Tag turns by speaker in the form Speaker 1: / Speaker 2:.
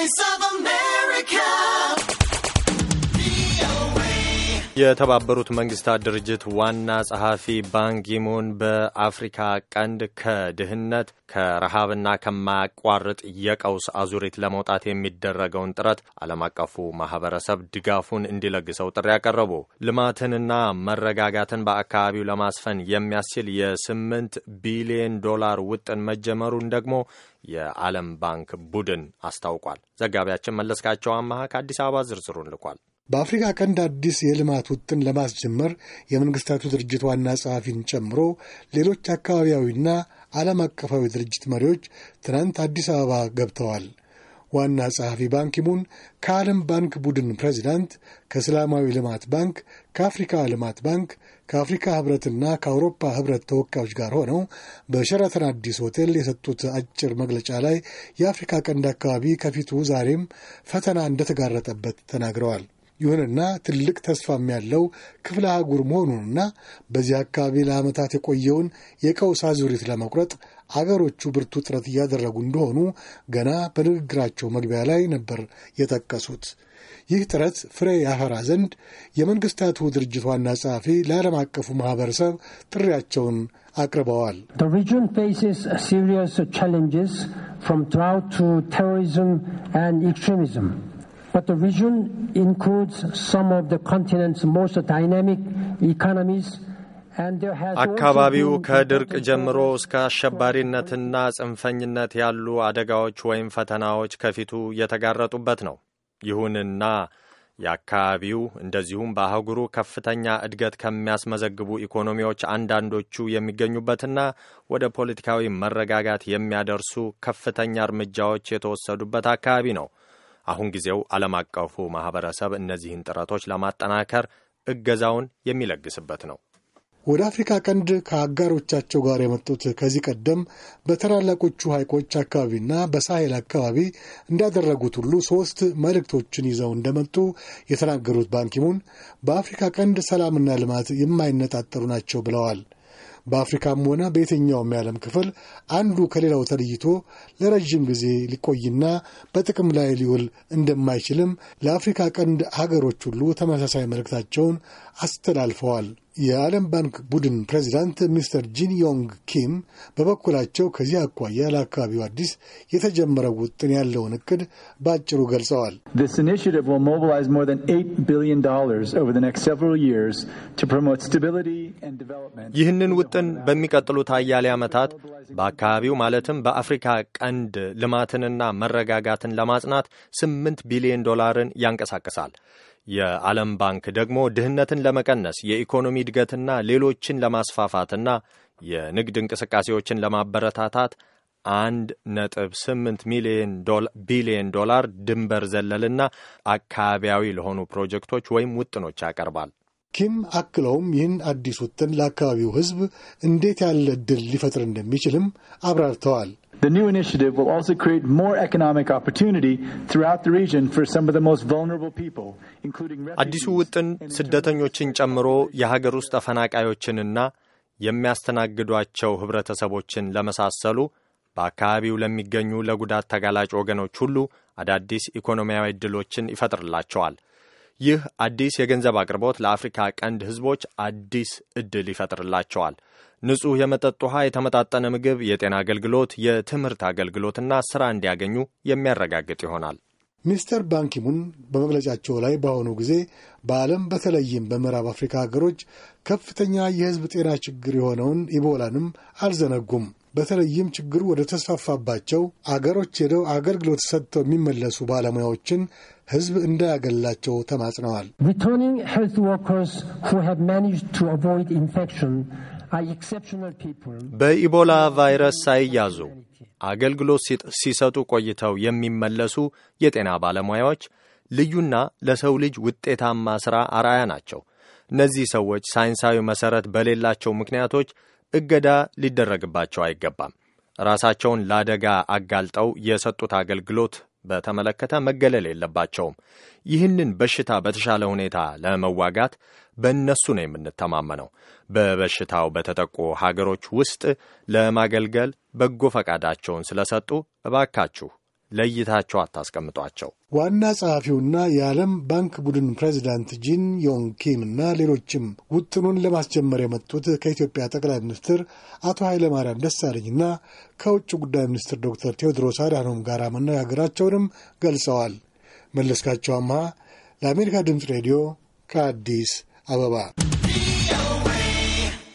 Speaker 1: Voice of
Speaker 2: የተባበሩት መንግስታት ድርጅት ዋና ጸሐፊ ባንኪሙን በአፍሪካ ቀንድ ከድህነት ከረሃብና ከማያቋርጥ የቀውስ አዙሪት ለመውጣት የሚደረገውን ጥረት ዓለም አቀፉ ማህበረሰብ ድጋፉን እንዲለግሰው ጥሪ ያቀረቡ፣ ልማትንና መረጋጋትን በአካባቢው ለማስፈን የሚያስችል የስምንት ቢሊዮን ዶላር ውጥን መጀመሩን ደግሞ የዓለም ባንክ ቡድን አስታውቋል። ዘጋቢያችን መለስካቸው አመሃ ከአዲስ አበባ ዝርዝሩን ልኳል።
Speaker 1: በአፍሪካ ቀንድ አዲስ የልማት ውጥን ለማስጀመር የመንግስታቱ ድርጅት ዋና ጸሐፊን ጨምሮ ሌሎች አካባቢያዊና ዓለም አቀፋዊ ድርጅት መሪዎች ትናንት አዲስ አበባ ገብተዋል። ዋና ጸሐፊ ባንኪሙን ከዓለም ባንክ ቡድን ፕሬዚዳንት፣ ከእስላማዊ ልማት ባንክ፣ ከአፍሪካ ልማት ባንክ፣ ከአፍሪካ ህብረትና ከአውሮፓ ህብረት ተወካዮች ጋር ሆነው በሸራተን አዲስ ሆቴል የሰጡት አጭር መግለጫ ላይ የአፍሪካ ቀንድ አካባቢ ከፊቱ ዛሬም ፈተና እንደተጋረጠበት ተናግረዋል። ይሁንና ትልቅ ተስፋም ያለው ክፍለ አህጉር መሆኑንና በዚህ አካባቢ ለዓመታት የቆየውን የቀውስ አዙሪት ለመቁረጥ አገሮቹ ብርቱ ጥረት እያደረጉ እንደሆኑ ገና በንግግራቸው መግቢያ ላይ ነበር የጠቀሱት። ይህ ጥረት ፍሬ ያፈራ ዘንድ የመንግስታቱ ድርጅት ዋና ጸሐፊ ለዓለም አቀፉ ማህበረሰብ ጥሪያቸውን አቅርበዋል።
Speaker 2: ሪጅን But the region includes some of the continent's most dynamic economies. አካባቢው ከድርቅ ጀምሮ እስከ አሸባሪነትና ጽንፈኝነት ያሉ አደጋዎች ወይም ፈተናዎች ከፊቱ የተጋረጡበት ነው። ይሁንና የአካባቢው እንደዚሁም በአህጉሩ ከፍተኛ እድገት ከሚያስመዘግቡ ኢኮኖሚዎች አንዳንዶቹ የሚገኙበትና ወደ ፖለቲካዊ መረጋጋት የሚያደርሱ ከፍተኛ እርምጃዎች የተወሰዱበት አካባቢ ነው። አሁን ጊዜው ዓለም አቀፉ ማኅበረሰብ እነዚህን ጥረቶች ለማጠናከር እገዛውን የሚለግስበት ነው።
Speaker 1: ወደ አፍሪካ ቀንድ ከአጋሮቻቸው ጋር የመጡት ከዚህ ቀደም በታላላቆቹ ሐይቆች አካባቢና በሳሄል አካባቢ እንዳደረጉት ሁሉ ሦስት መልእክቶችን ይዘው እንደመጡ የተናገሩት ባንኪሙን በአፍሪካ ቀንድ ሰላምና ልማት የማይነጣጠሩ ናቸው ብለዋል። በአፍሪካም ሆነ በየትኛውም የዓለም ክፍል አንዱ ከሌላው ተለይቶ ለረዥም ጊዜ ሊቆይና በጥቅም ላይ ሊውል እንደማይችልም ለአፍሪካ ቀንድ ሀገሮች ሁሉ ተመሳሳይ መልእክታቸውን አስተላልፈዋል። የዓለም ባንክ ቡድን ፕሬዚዳንት ሚስተር ጂን ዮንግ ኪም በበኩላቸው ከዚህ አኳያ ለአካባቢው አዲስ የተጀመረው ውጥን ያለውን እቅድ በአጭሩ ገልጸዋል።
Speaker 2: ይህንን ውጥን በሚቀጥሉት አያሌ ዓመታት በአካባቢው ማለትም በአፍሪካ ቀንድ ልማትንና መረጋጋትን ለማጽናት ስምንት ቢሊዮን ዶላርን ያንቀሳቅሳል። የዓለም ባንክ ደግሞ ድህነትን ለመቀነስ የኢኮኖሚ እድገትና ሌሎችን ለማስፋፋትና የንግድ እንቅስቃሴዎችን ለማበረታታት አንድ ነጥብ ስምንት ሚሊዮን ቢሊዮን ዶላር ድንበር ዘለልና አካባቢያዊ ለሆኑ ፕሮጀክቶች ወይም ውጥኖች ያቀርባል።
Speaker 1: ኪም አክለውም ይህን አዲስ ውጥን ለአካባቢው ሕዝብ እንዴት ያለ እድል ሊፈጥር እንደሚችልም አብራርተዋል። The new initiative will also create more economic opportunity throughout the region for some of the most vulnerable people,
Speaker 2: including አዲሱ ውጥን ስደተኞችን ጨምሮ የሀገር ውስጥ ተፈናቃዮችንና የሚያስተናግዷቸው ህብረተሰቦችን ለመሳሰሉ በአካባቢው ለሚገኙ ለጉዳት ተጋላጭ ወገኖች ሁሉ አዳዲስ ኢኮኖሚያዊ ዕድሎችን ይፈጥርላቸዋል። ይህ አዲስ የገንዘብ አቅርቦት ለአፍሪካ ቀንድ ህዝቦች አዲስ እድል ይፈጥርላቸዋል። ንጹህ የመጠጥ ውሃ፣ የተመጣጠነ ምግብ፣ የጤና አገልግሎት፣ የትምህርት አገልግሎትና ስራ እንዲያገኙ የሚያረጋግጥ ይሆናል።
Speaker 1: ሚስተር ባንኪሙን በመግለጫቸው ላይ በአሁኑ ጊዜ በዓለም በተለይም በምዕራብ አፍሪካ ሀገሮች ከፍተኛ የህዝብ ጤና ችግር የሆነውን ኢቦላንም አልዘነጉም። በተለይም ችግሩ ወደ ተስፋፋባቸው አገሮች ሄደው አገልግሎት ሰጥተው የሚመለሱ ባለሙያዎችን ህዝብ እንዳያገላቸው ተማጽነዋል።
Speaker 2: በኢቦላ ቫይረስ ሳይያዙ አገልግሎት ሲሰጡ ቆይተው የሚመለሱ የጤና ባለሙያዎች ልዩና ለሰው ልጅ ውጤታማ ሥራ አራያ ናቸው። እነዚህ ሰዎች ሳይንሳዊ መሠረት በሌላቸው ምክንያቶች እገዳ ሊደረግባቸው አይገባም። ራሳቸውን ለአደጋ አጋልጠው የሰጡት አገልግሎት በተመለከተ መገለል የለባቸውም። ይህንን በሽታ በተሻለ ሁኔታ ለመዋጋት በእነሱ ነው የምንተማመነው። በበሽታው በተጠቁ ሀገሮች ውስጥ ለማገልገል በጎ ፈቃዳቸውን ስለሰጡ እባካችሁ ለይታቸው አታስቀምጧቸው።
Speaker 1: ዋና ጸሐፊውና የዓለም ባንክ ቡድን ፕሬዚዳንት ጂን ዮንግ ኪም እና ሌሎችም ውጥኑን ለማስጀመር የመጡት ከኢትዮጵያ ጠቅላይ ሚኒስትር አቶ ኃይለማርያም ደሳለኝና ከውጭ ጉዳይ ሚኒስትር ዶክተር ቴዎድሮስ አድሃኖም ጋር መነጋገራቸውንም ገልጸዋል። መለስካቸው አምሃ ለአሜሪካ ድምፅ ሬዲዮ ከአዲስ አበባ